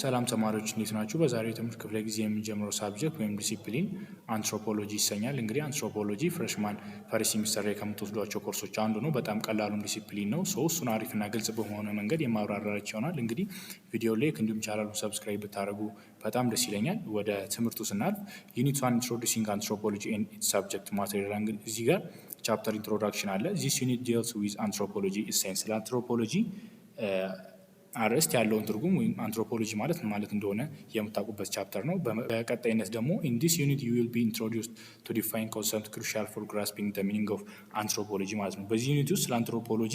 ሰላም ተማሪዎች እንዴት ናችሁ? በዛሬው የትምህርት ክፍለ ጊዜ የምንጀምረው ሳብጀክት ወይም ዲሲፕሊን አንትሮፖሎጂ ይሰኛል። እንግዲህ አንትሮፖሎጂ ፍሬሽማን ፈርስት ሴሚስተር ላይ ከምትወስዷቸው ኮርሶች አንዱ ነው። በጣም ቀላሉም ዲሲፕሊን ነው። ሰው እሱን አሪፍና ግልጽ በሆነ መንገድ የማብራራች ይሆናል። እንግዲህ ቪዲዮ ላይክ እንዲሁም ቻናሉን ሰብስክራይብ ብታደርጉ በጣም ደስ ይለኛል። ወደ ትምህርቱ ስናልፍ ዩኒት ዋን ኢንትሮዲሲንግ አንትሮፖሎጂ ኤንድ ሳብጀክት ማቴሪያል እዚህ ጋር ቻፕተር ኢንትሮዳክሽን አለ። ዚስ ዩኒት ዲልስ ዊዝ አንትሮፖሎጂ ኢትስ ሳይንስ ለአንትሮፖሎጂ አርዕስት ያለውን ትርጉም ወይም አንትሮፖሎጂ ማለት ማለት እንደሆነ የምታውቁበት ቻፕተር ነው። በቀጣይነት ደግሞ ኢን ዲስ ዩኒት ዩ ዊል ቢ ኢንትሮዲውስድ ቱ ዲፋይን ኮንሰፕት ክሩሻል ፎር ግራስፒንግ ዘ ሚኒንግ ኦፍ አንትሮፖሎጂ ማለት ነው። በዚህ ዩኒት ውስጥ ስለ አንትሮፖሎጂ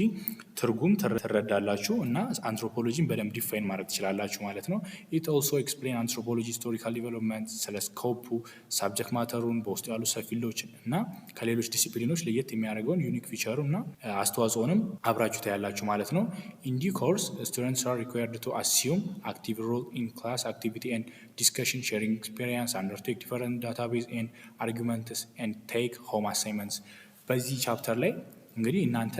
ትርጉም ትረዳላችሁ እና አንትሮፖሎጂን በደንብ ዲፋይን ማድረግ ትችላላችሁ ማለት ነው። ኢት ኦልሶ ኤክስፕሌን አንትሮፖሎጂ ሂስቶሪካል ዲቨሎፕመንት፣ ስለ ስኮፑ፣ ሳብጀክት ማተሩን፣ በውስጡ ያሉ ሰፊሎች እና ከሌሎች ዲሲፕሊኖች ለየት የሚያደርገውን ዩኒክ ፊቸሩ እና አስተዋጽኦንም አብራችሁ ታያላችሁ ማለት ነው። ኢንዲ ኮርስ ስቱደንትስ are required to assume active role in class activity and discussion, sharing experience, undertake different database and arguments and take home assignments በዚህ ቻፕተር ላይ እንግዲህ እናንተ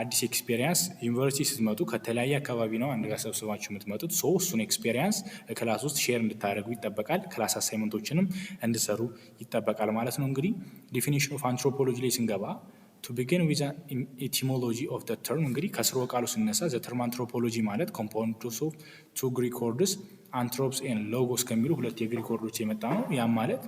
አዲስ ኤክስፔሪንስ ዩኒቨርሲቲ ስትመጡ ከተለያየ አካባቢ ነው አንድ ጋር ሰብስባችሁ የምትመጡት። ሶ እሱን ኤክስፔሪንስ ክላስ ውስጥ ሼር እንድታደረጉ ይጠበቃል። ክላስ አሳይመንቶችንም እንድሰሩ ይጠበቃል ማለት ነው። እንግዲህ ዲፊኒሽን ኦፍ አንትሮፖሎጂ ላይ ስንገባ ቱ ቢጊን ዊዝ ኢቲሞሎጂ ኦፍ ዘ ተርም እንግዲህ ከስርወ ቃሉ ስነሳ ዘ ተርም አንትሮፖሎጂ ማለት ኮምፖነንቶስ ኦፍ ቱ ግሪክ ወርድስ አንትሮፕስ ኤን ሎጎስ ከሚሉ ሁለት የግሪክ ወርዶች የመጣ ነው። ያም ማለት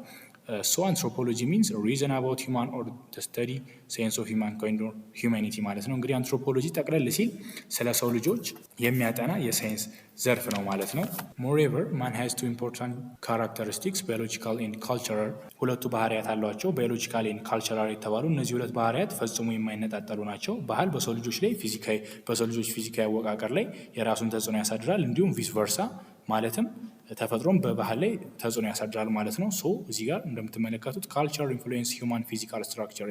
ሶ አንትሮፖሎጂ ሚንስ ሪዘን አባውት ሂማን ኦር ስተዲ ሳይንስ ኦፍ ሂማን ካይንድ ኦር ሂውማኒቲ ማለት ነው። እንግዲህ አንትሮፖሎጂ ጠቅለል ሲል ስለ ሰው ልጆች የሚያጠና የሳይንስ ዘርፍ ነው ማለት ነው። ሞሬቨር ማን ሃዝ ቱ ኢምፖርታንት ካራክተሪስቲክስ ባዮሎጂካል ኤንድ ካልቸራል ሁለቱ ባህሪያት አሏቸው። ባዮሎጂካል ኤንድ ካልቸራል የተባሉ እነዚህ ሁለት ባህሪያት ፈጽሞ የማይነጣጠሉ ናቸው። ባህል በሰው ልጆች ላይ በሰው ልጆች ፊዚካዊ አወቃቀር ላይ የራሱን ተጽዕኖ ያሳድራል፣ እንዲሁም ቪስ ቨርሳ ማለትም ተፈጥሮን በባህል ላይ ተጽዕኖ ያሳድራል ማለት ነው። ሶ እዚህ ጋር እንደምትመለከቱት ካልቸር ኢንፍሉዌንስ ሂውማን ፊዚካል ስትራክቸር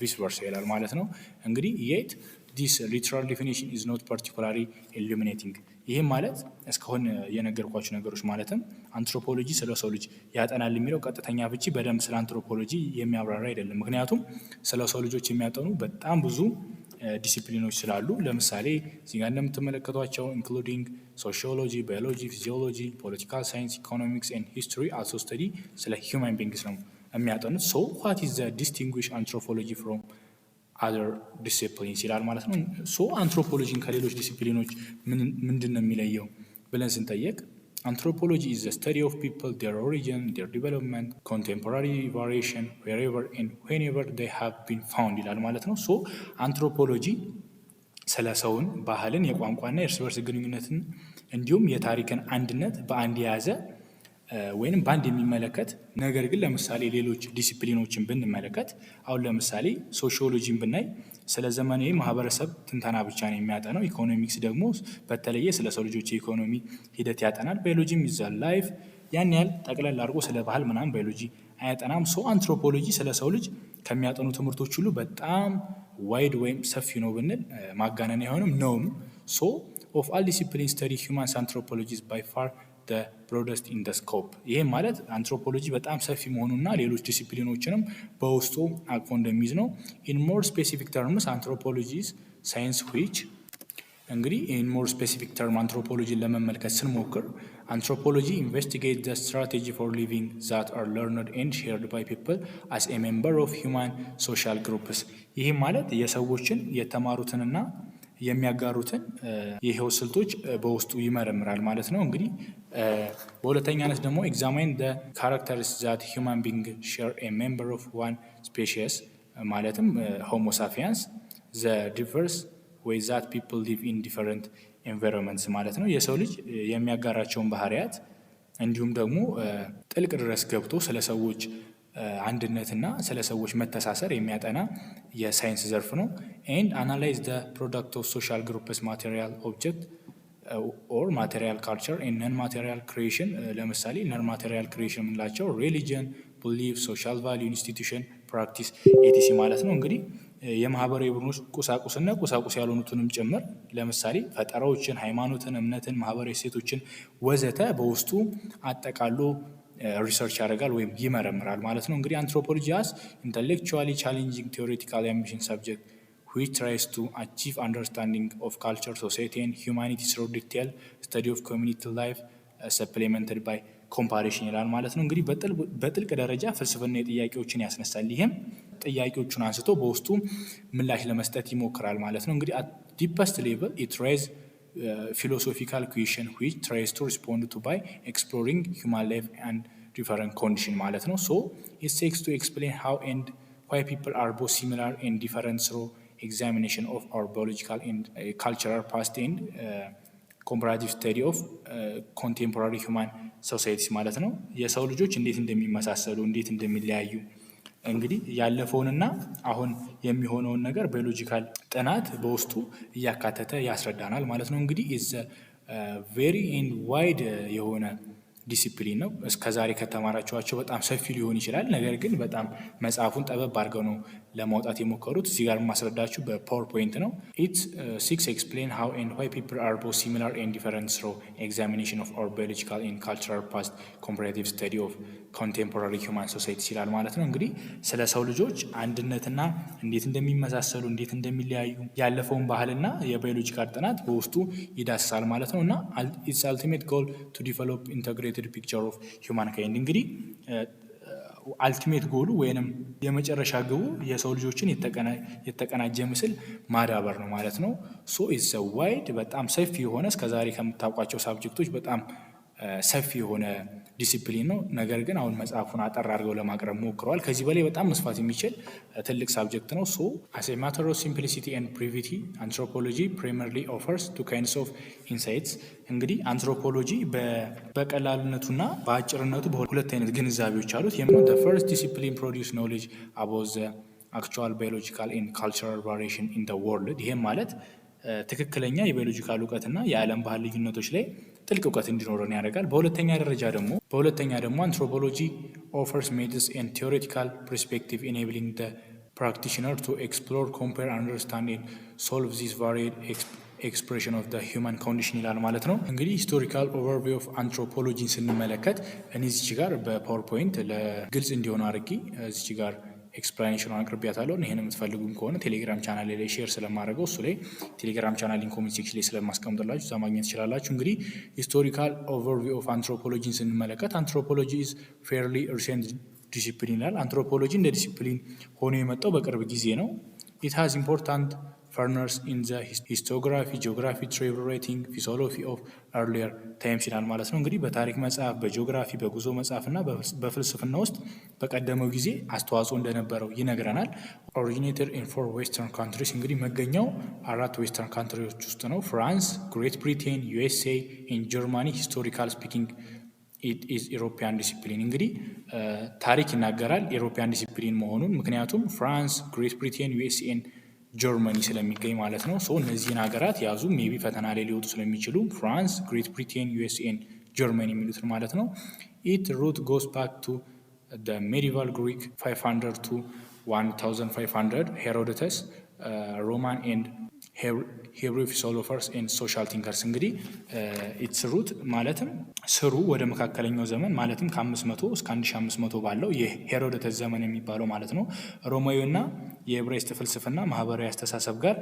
ቪስ ቨርስ ይላል ማለት ነው። እንግዲህ የት ዲስ ሊትራል ዲፊኒሽን ኢዝ ኖት ፓርቲኩላሪ ኢሉሚኔቲንግ ይህም ማለት እስካሁን የነገርኳቸው ነገሮች ማለትም አንትሮፖሎጂ ስለ ሰው ልጅ ያጠናል የሚለው ቀጥተኛ ፍቺ በደንብ ስለ አንትሮፖሎጂ የሚያብራራ አይደለም። ምክንያቱም ስለ ሰው ልጆች የሚያጠኑ በጣም ብዙ ዲሲፕሊኖች ስላሉ ለምሳሌ እዚህ ጋር እንደምትመለከቷቸው ኢንክሉዲንግ ሶሺዮሎጂ፣ ባዮሎጂ፣ ፊዚዮሎጂ፣ ፖለቲካል ሳይንስ፣ ኢኮኖሚክስ ኤንድ ሂስትሪ አሶ ስተዲ ስለ ሂውማን ቢንግስ ነው የሚያጠኑት። ሶ ዋት ኢዝ ዘ አንትሮፖሎጂ ፍሮም አር ዲሲፕሊንስ ይላል ማለት ነው። ሶ አንትሮፖሎጂን ከሌሎች ዲሲፕሊኖች ምንድን ነው የሚለየው ብለን ስንጠየቅ Anthropology is the study of people, their origin, their development, contemporary variation, wherever and whenever they have been found ይላል ማለት ነው። ሶ አንትሮፖሎጂ ስለ ሰውን ባህልን፣ የቋንቋና የእርስ በርስ ግንኙነትን እንዲሁም የታሪክን አንድነት በአንድ የያዘ ወይም በአንድ የሚመለከት ነገር ግን ለምሳሌ ሌሎች ዲሲፕሊኖችን ብንመለከት አሁን ለምሳሌ ሶሺዮሎጂን ብናይ ስለ ዘመናዊ ማህበረሰብ ትንተና ብቻ ነው የሚያጠነው። ኢኮኖሚክስ ደግሞ በተለየ ስለ ሰው ልጆች የኢኮኖሚ ሂደት ያጠናል። ባዮሎጂም ይዛል ላይፍ ያን ያህል ጠቅለል አድርጎ ስለ ባህል ምናምን ባዮሎጂ አያጠናም። ሰው አንትሮፖሎጂ ስለ ሰው ልጅ ከሚያጠኑ ትምህርቶች ሁሉ በጣም ዋይድ ወይም ሰፊ ነው ብንል ማጋነን አይሆንም ነውም። ሶ ኦፍ አል ዲሲፕሊን ስተዲ ሁማንስ አንትሮፖሎጂስ ባይ ፋር ብሮደስት ኢን ደ ስኮፕ ይህም ማለት አንትሮፖሎጂ በጣም ሰፊ መሆኑና ሌሎች ዲሲፕሊኖችንም በውስጡ አቅፎ እንደሚይዝ ነው። ኢን ሞር ስፔሲፊክ ተርምስ አንትሮፖሎጂስ ሳይንስ ዊች እንግዲህ ኢን ሞር ስፔሲፊክ ተርም አንትሮፖሎጂን ለመመልከት ስንሞክር አንትሮፖሎጂ ኢንቨስቲጌት ዘ ስትራቴጂ ፎር ሊቪንግ ዛት አር ለርንድ ኤንድ ሼርድ ባይ ፒፕል አስ ኤ ሜምበር ኦፍ ሂውማን ሶሻል ግሩፕስ ይህም ማለት የሰዎችን የተማሩትንና የሚያጋሩትን የህይወት ስልቶች በውስጡ ይመረምራል ማለት ነው። እንግዲህ በሁለተኛነት ደግሞ ኤግዛማይን ካራክተርስ ዛት ሂውማን ቢንግ ሼር ሜምበር ኦፍ ዋን ስፔሽስ ማለትም ሆሞሳፊያንስ ዘ ዲቨርስ ወይ ዛት ፒፕል ሊቭ ኢን ዲፈረንት ኤንቫይሮንመንትስ ማለት ነው። የሰው ልጅ የሚያጋራቸውን ባህሪያት እንዲሁም ደግሞ ጥልቅ ድረስ ገብቶ ስለ ሰዎች አንድነትና ስለ ሰዎች መተሳሰር የሚያጠና የሳይንስ ዘርፍ ነው። ኤንድ አናላይዝ ደ ፕሮዳክት ኦፍ ሶሻል ግሩፕስ ማቴሪያል ኦብጀክት ኦር ማቴሪያል ካልቸር ነን ማቴሪያል ክሪኤሽን ለምሳሌ ነን ማቴሪያል ክሪኤሽን የምንላቸው ሬሊጅን፣ ቢሊፍ፣ ሶሻል ቫሊዩ፣ ኢንስቲቱሽን፣ ፕራክቲስ ኤቲሲ ማለት ነው። እንግዲህ የማህበራዊ ቡድኖች ቁሳቁስና ቁሳቁስ ያልሆኑትንም ጭምር ለምሳሌ ፈጠራዎችን፣ ሃይማኖትን፣ እምነትን፣ ማህበራዊ ሴቶችን ወዘተ በውስጡ አጠቃሎ ሪሰርች ያደርጋል ወይም ይመረምራል ማለት ነው። እንግዲህ አንትሮፖሎጂ ሀዝ ኢንተሌክቹዋሊ ቻሌንጂንግ ቴዎሬቲካል አምቢሽን ሰብጀክት which tries to achieve understanding of culture, society, and humanity through detailed study of community life uh, supplemented ኮምፓሬሽን ይላል ማለት ነው። እንግዲህ በጥልቅ ደረጃ ፍልስፍና የጥያቄዎችን ያስነሳል። ይህም ጥያቄዎቹን አንስቶ በውስጡ ምላሽ ለመስጠት ይሞክራል ማለት ነው። እንግዲህ አት ዲፐስት ሌቨል ኢት ሬይዝ ፊሎሶፊካል ኩዌሽን ዊች ትራይስ ቱ ሪስፖንድ ቱ ባይ ኤክስፕሎሪንግ ሁማን ላይፍ አንድ ዲፈረንት ኮንዲሽን ማለት ነው። ሶ ኢት ቴክስ ቱ ኤክስፕሌን ሃው ኤንድ ዋይ ፒፕል አር ቦ ሲሚላር ኤንድ ዲፈረንት ስሮ ኤግዛሚኔሽን ኦፍ አር ባዮሎጂካል ኤንድ ካልቸራል ፓስት ኤንድ ኮምፓራቲቭ ስተዲ ኦፍ ኮንቴምፖራሪ ሁማን ሶሳይቲስ ማለት ነው። የሰው ልጆች እንዴት እንደሚመሳሰሉ እንዴት እንደሚለያዩ እንግዲህ ያለፈውንና አሁን የሚሆነውን ነገር ባዮሎጂካል ጥናት በውስጡ እያካተተ ያስረዳናል ማለት ነው። እንግዲህ ኢዘ ቬሪ ኤንድ ዋይድ የሆነ ዲሲፕሊን ነው። እስከዛሬ ከተማራችኋቸው በጣም ሰፊ ሊሆን ይችላል። ነገር ግን በጣም መጽሐፉን ጠበብ አድርገው ነው ለማውጣት የሞከሩት እዚህ ጋር የማስረዳችሁ በፓወርፖይንት ነው። ኢት ሲክስ ኤክስፕሌን ሃው ኤንድ ዋይ ፒፕል አር ቦዝ ሲሚላር ኤንድ ዲፈረንት ስሮ ኤግዛሚኔሽን ኦፍ ኦር ባዮሎጂካል ኤንድ ካልቸራል ፓስት ኮምፓራቲቭ ስተዲ ኦፍ ኮንቴምፖራሪ ሂውማን ሶሳይቲ ይላል ማለት ነው። እንግዲህ ስለ ሰው ልጆች አንድነትና እንዴት እንደሚመሳሰሉ እንዴት እንደሚለያዩ ያለፈውን ባህልና የባዮሎጂካል ጥናት በውስጡ ይዳስሳል ማለት ነው እና ኢትስ አልቲሜት ጎል ቱ ዲቨሎፕ ኢንተግሬትድ ፒክቸር ኦፍ ሂውማን ካይንድ እንግዲህ uh, አልቲሜት ጎሉ ወይንም የመጨረሻ ግቡ የሰው ልጆችን የተቀናጀ ምስል ማዳበር ነው ማለት ነው። ሶ ኢዘ ዋይድ በጣም ሰፊ የሆነ እስከዛሬ ከምታውቋቸው ሳብጀክቶች በጣም ሰፊ የሆነ ዲሲፕሊን ነው። ነገር ግን አሁን መጽሐፉን አጠር አድርገው ለማቅረብ ሞክረዋል። ከዚህ በላይ በጣም መስፋት የሚችል ትልቅ ሳብጀክት ነው። ሶ አስ ኤ ማተር ኦፍ ሲምፕሊሲቲ ኤንድ ፕሪቪቲ አንትሮፖሎጂ ፕሪመርሊ ኦፈርስ ቱ ካይንድስ ኦፍ ኢንሳይትስ። እንግዲህ አንትሮፖሎጂ በቀላልነቱና በአጭርነቱ በሁለት አይነት ግንዛቤዎች አሉት። የምን ፈርስት ዲሲፕሊን ፕሮዲስ ኖሌጅ አባውት ዘ አክቹዋል ባዮሎጂካል ኤንድ ካልቸራል ቫሪዬሽን ኢን ዘ ወርልድ። ይሄም ማለት ትክክለኛ የባዮሎጂካል እውቀትና የዓለም ባህል ልዩነቶች ላይ ጥልቅ እውቀት እንዲኖረን ያደርጋል። በሁለተኛ ደረጃ ደግሞ በሁለተኛ ደግሞ አንትሮፖሎጂ ኦፈርስ ሜዲስ ን ቴዎሬቲካል ፐርስፔክቲቭ ኢኔብሊንግ ደ ፕራክቲሽነር ቱ ኤክስፕሎር ኮምፔር አንደርስታንድ ን ሶልቭ ዚስ ቫሪድ ኤክስፕሬሽን ኦፍ ሂውማን ኮንዲሽን ይላል ማለት ነው። እንግዲህ ሂስቶሪካል ኦቨርቪው ኦፍ አንትሮፖሎጂን ስንመለከት እኔ እዚች ጋር በፓወርፖይንት ለግልጽ እንዲሆኑ አድርጌ እዚች ጋር ኤክስፕላኔሽን አቅርቢያታለሁ። ይህን የምትፈልጉም ከሆነ ቴሌግራም ቻናል ላይ ሼር ስለማድረገው እሱ ላይ ቴሌግራም ቻናል ኢንኮሜንት ሴክሽን ላይ ስለማስቀምጥላችሁ እዛ ማግኘት ትችላላችሁ። እንግዲህ ሂስቶሪካል ኦቨርቪው ኦፍ አንትሮፖሎጂን ስንመለከት አንትሮፖሎጂ ኢዝ ፌርሊ ሪሴንት ዲሲፕሊን ይላል። አንትሮፖሎጂ እንደ ዲሲፕሊን ሆኖ የመጣው በቅርብ ጊዜ ነው። ኢት ሃዝ ኢምፖርታንት ፈርነርስ ኢን ዘ ሂስቶግራፊ ጂኦግራፊ ትሬቨል ራይቲንግ ፊሶሎፊ ኦፍ ኤርሊየር ታይምስ ይላል ማለት ነው። እንግዲህ በታሪክ መጽሐፍ፣ በጂኦግራፊ፣ በጉዞ መጽሐፍ እና በፍልስፍና ውስጥ በቀደመው ጊዜ አስተዋጽኦ እንደነበረው ይነግረናል። ኦሪጂኔተር ኢን ፎር ዌስተርን ካንትሪስ እንግዲህ መገኛው አራት ዌስተርን ካንትሪዎች ውስጥ ነው። ፍራንስ፣ ግሬት ብሪቴን፣ ዩኤስኤ ኢን ጀርማኒ ሂስቶሪካል ስፒኪንግ ኢሮፒያን ዲሲፕሊን እንግዲህ ታሪክ ይናገራል ኢሮፒያን ዲሲፕሊን መሆኑን ምክንያቱም ፍራንስ፣ ግሬት ብሪቴን፣ ዩኤስኤን ጀርመኒ ስለሚገኝ ማለት ነው። ሰው እነዚህን ሀገራት ያዙ ሜቢ ፈተና ላይ ሊወጡ ስለሚችሉ ፍራንስ፣ ግሬት ብሪቴን፣ ዩኤስኤን ጀርመኒ የሚሉትን ማለት ነው። ኢት ሩት ጎስ ባክ ቱ ሜዲቫል ግሪክ 500 ቱ 1500 ሄሮዶተስ ሮማን ኤንድ ሄብሪው ፊሎሶፈርስ ኤንድ ሶሻል ቲንከርስ እንግዲህ ኢትስ eh, ሩት ማለትም ስሩ ወደ መካከለኛው ዘመን ማለትም ከ500 እስከ 1500 ባለው የሄሮደተስ ዘመን የሚባለው ማለት ነው ሮማዊና የዕብራይስጥ ፍልስፍና ማህበራዊ አስተሳሰብ ጋር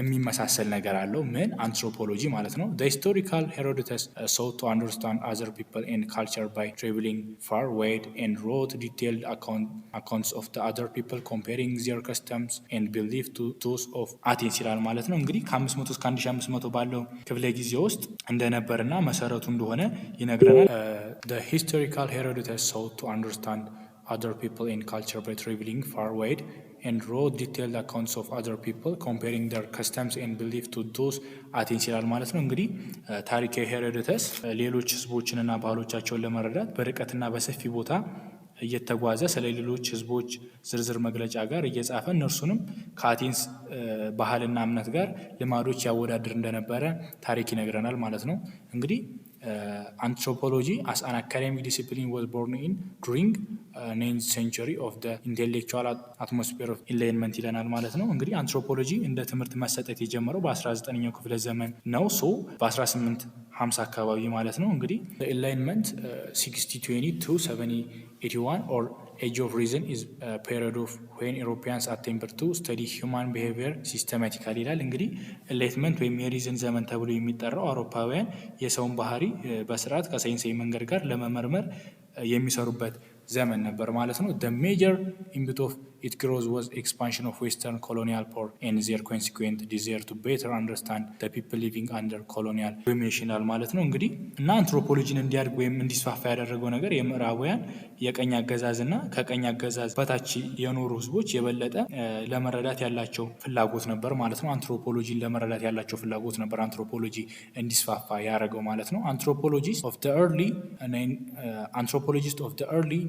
የሚመሳሰል ነገር አለው። ምን አንትሮፖሎጂ ማለት ነው። ሂስቶሪካል ሄሮደተስ ሶት ቱ አንደርስታንድ አዘር ፒፕል ኤንድ ካልቸር ባይ ትራቭሊንግ ፋር ዋይድ ኤንድ ሮት ዲቴይልድ አካውንትስ ኦፍ ተ አዘር ፒፕል ኮምፔሪንግ ዚር ከስተምስ ኤንድ ቢሊፍ ቱ ቶስ ኦፍ አቴንስ ይላል ማለት ነው እንግዲህ 1500 እስከ 1500 ባለው ክፍለ ጊዜ ውስጥ እንደነበርና መሰረቱ እንደሆነ ይነግረናል። ሂስቶሪካል ሄሮዶተስ ሰው ቱ አንደርስታንድ other people in culture by traveling far wide and raw detailed accounts of other people comparing their ማለት ነው። እንግዲህ uh, ታሪካዊ ሄሮዶተስ uh, ሌሎች ህዝቦችንና ባህሎቻቸውን ለመረዳት በርቀትና በሰፊ ቦታ እየተጓዘ ስለ ሌሎች ህዝቦች ዝርዝር መግለጫ ጋር እየጻፈ እነርሱንም ከአቴንስ ባህልና እምነት ጋር ልማዶች ያወዳድር እንደነበረ ታሪክ ይነግረናል ማለት ነው እንግዲህ አንትሮፖሎጂ አስ አን አካዴሚክ ዲሲፕሊን ወዝ ቦርን ኢን ዱሪንግ ናይንዝ ሴንቸሪ ኦፍ ደ ኢንቴሌክቹዋል አትሞስፌር ኦፍ ኢንላይንመንት ይለናል ማለት ነው። እንግዲህ አንትሮፖሎጂ እንደ ትምህርት መሰጠት የጀመረው በ19ኛው ክፍለ ዘመን ነው። ሶ በ18 50 አካባቢ ማለት ነው። እንግዲህ ኢንላይንመንት 60 ኦር ኤጅ ኦፍ ሪዝን ኢዝ ፔሪድ ኦፍ ዌን ኢሮፒያንስ አቴምፕት ቱ ስተዲ ሂውማን ቢሄቪየር ሲስተማቲካሊ ይላል። እንግዲህ ኢንላይትመንት ወይም የሪዝን ዘመን ተብሎ የሚጠራው አውሮፓውያን የሰውን ባህሪ በስርዓት ከሳይንሳዊ መንገድ ጋር ለመመርመር የሚሰሩበት ዘመን ነበር ማለት ነው። ሜጀር ኢምቢት ኦፍ it grows with expansion of Western colonial power and their consequent desire to better understand the people living under colonial domination ማለት ነው እንግዲህ እና አንትሮፖሎጂን እንዲያድግ ወይም እንዲስፋፋ ያደረገው ነገር የምዕራባውያን የቀኝ አገዛዝ እና ከቀኝ አገዛዝ በታች የኖሩ ህዝቦች የበለጠ ለመረዳት ያላቸው ፍላጎት ነበር ማለት ነው። አንትሮፖሎጂን ለመረዳት ያላቸው ፍላጎት ነበር አንትሮፖሎጂ እንዲስፋፋ ያደረገው ማለት ነው። አንትሮፖሎጂስት ኦፍ ዘ ኤርሊ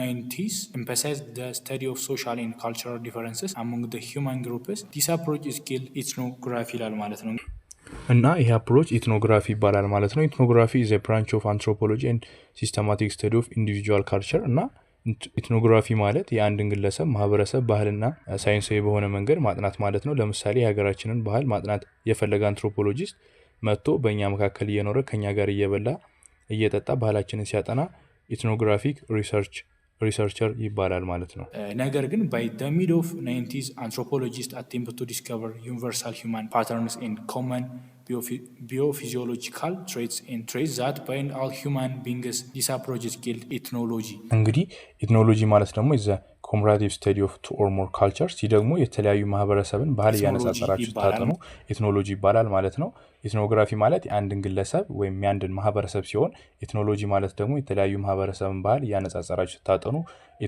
ናይንቲስ ኤምፋሳይዝድ ስተዲ ስተዲ ኦፍ ሶሻል ኤንድ ካልቸራል ዲፈረንስስ አሞንግ ዘ ሂውማን ግሩፕስ ዲስ አፕሮች ስኪል ኢትኖግራፊ ይላል ማለት ነው። እና ይህ አፕሮች ኢትኖግራፊ ይባላል ማለት ነው። ኢትኖግራፊ ዘ ብራንች ኦፍ አንትሮፖሎጂ ኤንድ ሲስተማቲክ ስተዲ ኦፍ ኢንዲቪጁዋል ካልቸር እና ኢትኖግራፊ ማለት የአንድን ግለሰብ ማህበረሰብ ባህልና ሳይንሳዊ በሆነ መንገድ ማጥናት ማለት ነው። ለምሳሌ የሀገራችንን ባህል ማጥናት የፈለገ አንትሮፖሎጂስት መጥቶ በእኛ መካከል እየኖረ ከኛ ጋር እየበላ እየጠጣ ባህላችንን ሲያጠና ኢትኖግራፊክ ሪሰርች ሪሰርቸር ይባላል ማለት ነው። ነገር ግን ባይ ደ ሚድ ኦፍ ናይንቲዝ አንትሮፖሎጂስት አቴምፕት ቱ ዲስከቨር ዩኒቨርሳል ሂውማን ፓተርንስ ኤንድ ኮመን ቢዮፊዚዮሎጂካል ትሬትስ ን ትሬትስ ዛት ባይንድ አል ሂውማን ቢንግስ ዲስ አፕሮች ኢዝ ኢትኖሎጂ። እንግዲህ ኢትኖሎጂ ማለት ደግሞ ዘ ኮምራቲቭ ስተዲ ኦፍ ቱ ኦር ሞር ካልቸር ሲ ደግሞ የተለያዩ ማህበረሰብን ባህል እያነጻጸራችሁ ታጠኑ ኢትኖሎጂ ይባላል ማለት ነው። ኢትኖግራፊ ማለት የአንድን ግለሰብ ወይም የአንድን ማህበረሰብ ሲሆን ኢትኖሎጂ ማለት ደግሞ የተለያዩ ማህበረሰብን ባህል እያነጻጸራችሁ ታጠኑ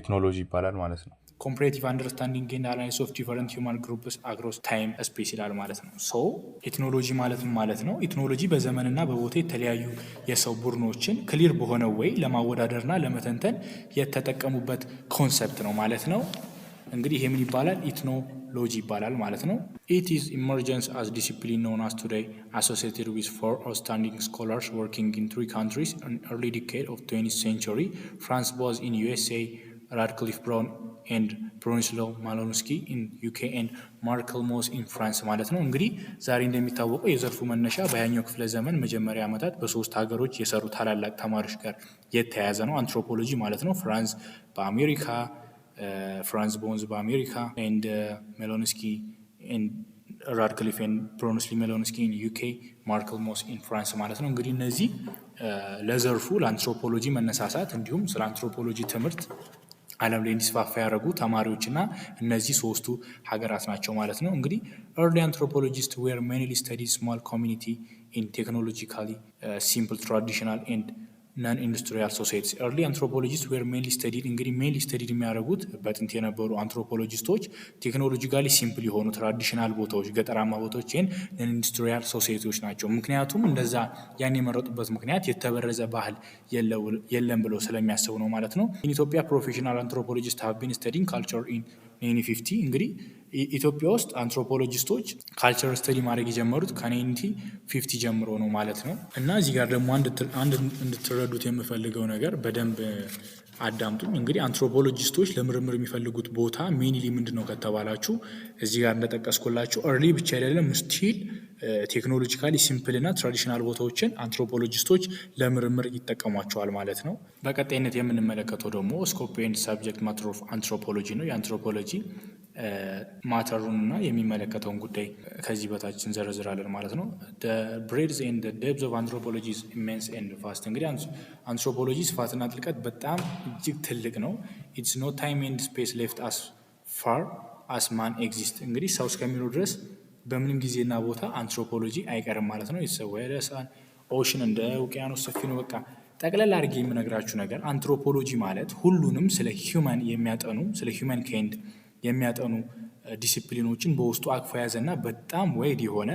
ኢትኖሎጂ ይባላል ማለት ነው። ኮምፕሬቲቭ አንደርስታንዲንግ ኤንድ አናሊሲስ ኦፍ ዲፈረንት ሂውማን ግሩፕስ አክሮስ ታይም ስፔስ ይላል ማለት ነው። ሶ ኢትኖሎጂ ማለት ማለት ነው ኢትኖሎጂ በዘመንና በቦታ የተለያዩ የሰው ቡድኖችን ክሊር በሆነ ወይ ለማወዳደርና ለመተንተን የተጠቀሙበት ኮንሰፕት ነው ማለት ነው። እንግዲህ ይሄ ምን ይባላል? ኢትኖሎጂ ይባላል ማለት ነው። ኢት ኢዝ ኢመርጀንስ አስ ዲሲፕሊን ኖን አስ ቱዴይ አሶሲየትድ ዊዝ ፎር አውትስታንዲንግ ስኮላርስ ወርኪንግ ኢን ትሪ ካንትሪስ ኤርሊ ዲኬድ ኦፍ ትዌንቲዝ ሴንቸሪ ፍራንስ ቦዝ ኢን ዩኤስኤ ራድክሊፍ ብራውን ኤንድ ብሮኒስላው ማሎንስኪ ዩኬ ኤንድ ማርክል ሞስ ኢን ፍራንስ ማለት ነው። እንግዲህ ዛሬ እንደሚታወቀው የዘርፉ መነሻ በያኛው ክፍለ ዘመን መጀመሪያ ዓመታት በሶስት ሀገሮች የሰሩ ታላላቅ ተማሪዎች ጋር የተያያዘ ነው። አንትሮፖሎጂ ማለት ነው። ፍራንስ በአሜሪካ ፍራንስ ቦንዝ በአሜሪካ ኤንድ ሜሎንስኪ ራድክሊፍ ኤንድ ብሮንስሊ ሜሎንስኪ ኢን ዩኬ ማርክል ሞስ ኢን ፍራንስ ማለት ነው። እንግዲህ እነዚህ ለዘርፉ ለአንትሮፖሎጂ መነሳሳት እንዲሁም ስለ አንትሮፖሎጂ ትምህርት ዓለም ላይ እንዲስፋፋ ያደረጉ ተማሪዎችና እነዚህ ሶስቱ ሀገራት ናቸው ማለት ነው። እንግዲህ ኤርሊ አንትሮፖሎጂስት ዌር ሜኒሊ ስተዲ ስማል ኮሚኒቲ ኢን ቴክኖሎጂካሊ ሲምፕል ትራዲሽናል ኤንድ ናን ኢንዱስትሪያል ሶሳይቲስ ኤርሊ አንትሮፖሎጂስት ዌር ሜንሊ ስተዲድ እንግዲህ ሜንሊ ስተዲድ የሚያደርጉት በጥንት የነበሩ አንትሮፖሎጂስቶች ቴክኖሎጂካሊ ሲምፕል የሆኑ ትራዲሽናል ቦታዎች፣ ገጠራማ ቦታዎች ይህን ናን ኢንዱስትሪያል ሶሳይቲዎች ናቸው። ምክንያቱም እንደዛ ያን የመረጡበት ምክንያት የተበረዘ ባህል የለም ብለው ስለሚያስቡ ነው ማለት ነው። ኢትዮጵያ ፕሮፌሽናል አንትሮፖሎጂስት ሀቢን ቢን ስተዲንግ ካልቸር ኢን ናይንቲ እንግዲህ ኢትዮጵያ ውስጥ አንትሮፖሎጂስቶች ካልቸራል ስተዲ ማድረግ የጀመሩት ከናይንቲ ፊፍቲ ጀምሮ ነው ማለት ነው። እና እዚህ ጋር ደግሞ አንድ እንድትረዱት የምፈልገው ነገር በደንብ አዳምጡኝ እንግዲህ አንትሮፖሎጂስቶች ለምርምር የሚፈልጉት ቦታ ሜንሊ ምንድን ነው ከተባላችሁ እዚህ ጋር እንደጠቀስኩላችሁ እርሊ ብቻ አይደለም ስቲል ቴክኖሎጂካሊ ሲምፕል እና ትራዲሽናል ቦታዎችን አንትሮፖሎጂስቶች ለምርምር ይጠቀሟቸዋል ማለት ነው። በቀጣይነት የምንመለከተው ደግሞ ስኮፕ ኤንድ ሳብጀክት ማተር ኦፍ አንትሮፖሎጂ ነው። የአንትሮፖሎጂ ማተሩን እና የሚመለከተውን ጉዳይ ከዚህ በታች እንዘረዝራለን ማለት ነው። ብሬድዝ ኤንድ ደብዝ ኦፍ አንትሮፖሎጂ ኢዝ ኢሜንስ ኤንድ ቫስት። እንግዲህ አንትሮፖሎጂ ስፋትና ጥልቀት በጣም እጅግ ትልቅ ነው። ኢትስ ኖ ታይም ኤንድ ስፔስ ሌፍት አስ ፋር አስ ማን ኤግዚስት። እንግዲህ ሰው እስከሚኖር ድረስ በምንም ጊዜና ቦታ አንትሮፖሎጂ አይቀርም ማለት ነው። የተሰወደሳን ኦሽን እንደ ውቅያኖስ ሰፊ ነው። በቃ ጠቅላላ አድርጌ የምነግራችሁ ነገር አንትሮፖሎጂ ማለት ሁሉንም ስለ ሂውማን የሚያጠኑ ስለ ሂውማን ካይንድ የሚያጠኑ ዲሲፕሊኖችን በውስጡ አቅፎ የያዘና በጣም ወይድ የሆነ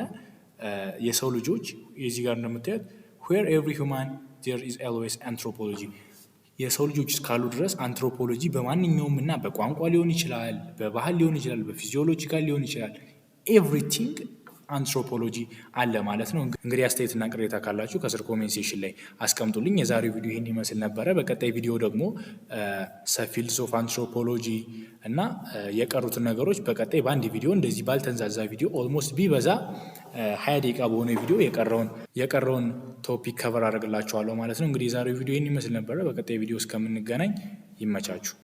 የሰው ልጆች የዚህ ጋር እንደምታዩት ዌር ኤቭሪ ሁማን ዜር ኢዝ አንትሮፖሎጂ የሰው ልጆች እስካሉ ድረስ አንትሮፖሎጂ በማንኛውም እና በቋንቋ ሊሆን ይችላል፣ በባህል ሊሆን ይችላል፣ በፊዚዮሎጂካል ሊሆን ይችላል ኤቭሪቲንግ አንትሮፖሎጂ አለ ማለት ነው። እንግዲህ አስተያየትና ቅሬታ ካላችሁ ከስር ኮሜንት ሴሽን ላይ አስቀምጡልኝ። የዛሬው ቪዲዮ ይህን ይመስል ነበረ። በቀጣይ ቪዲዮ ደግሞ ሰፊልድ ኦፍ አንትሮፖሎጂ እና የቀሩትን ነገሮች በቀጣይ በአንድ ቪዲዮ እንደዚህ ባልተንዛዛ ቪዲዮ ኦልሞስት ቢበዛ ሀያ ደቂቃ በሆነ ቪዲዮ የቀረውን የቀረውን ቶፒክ ከቨር አደርግላችኋለሁ ማለት ነው። እንግዲህ የዛሬው ቪዲዮ ይህን ይመስል ነበረ። በቀጣይ ቪዲዮ እስከምንገናኝ ይመቻችሁ።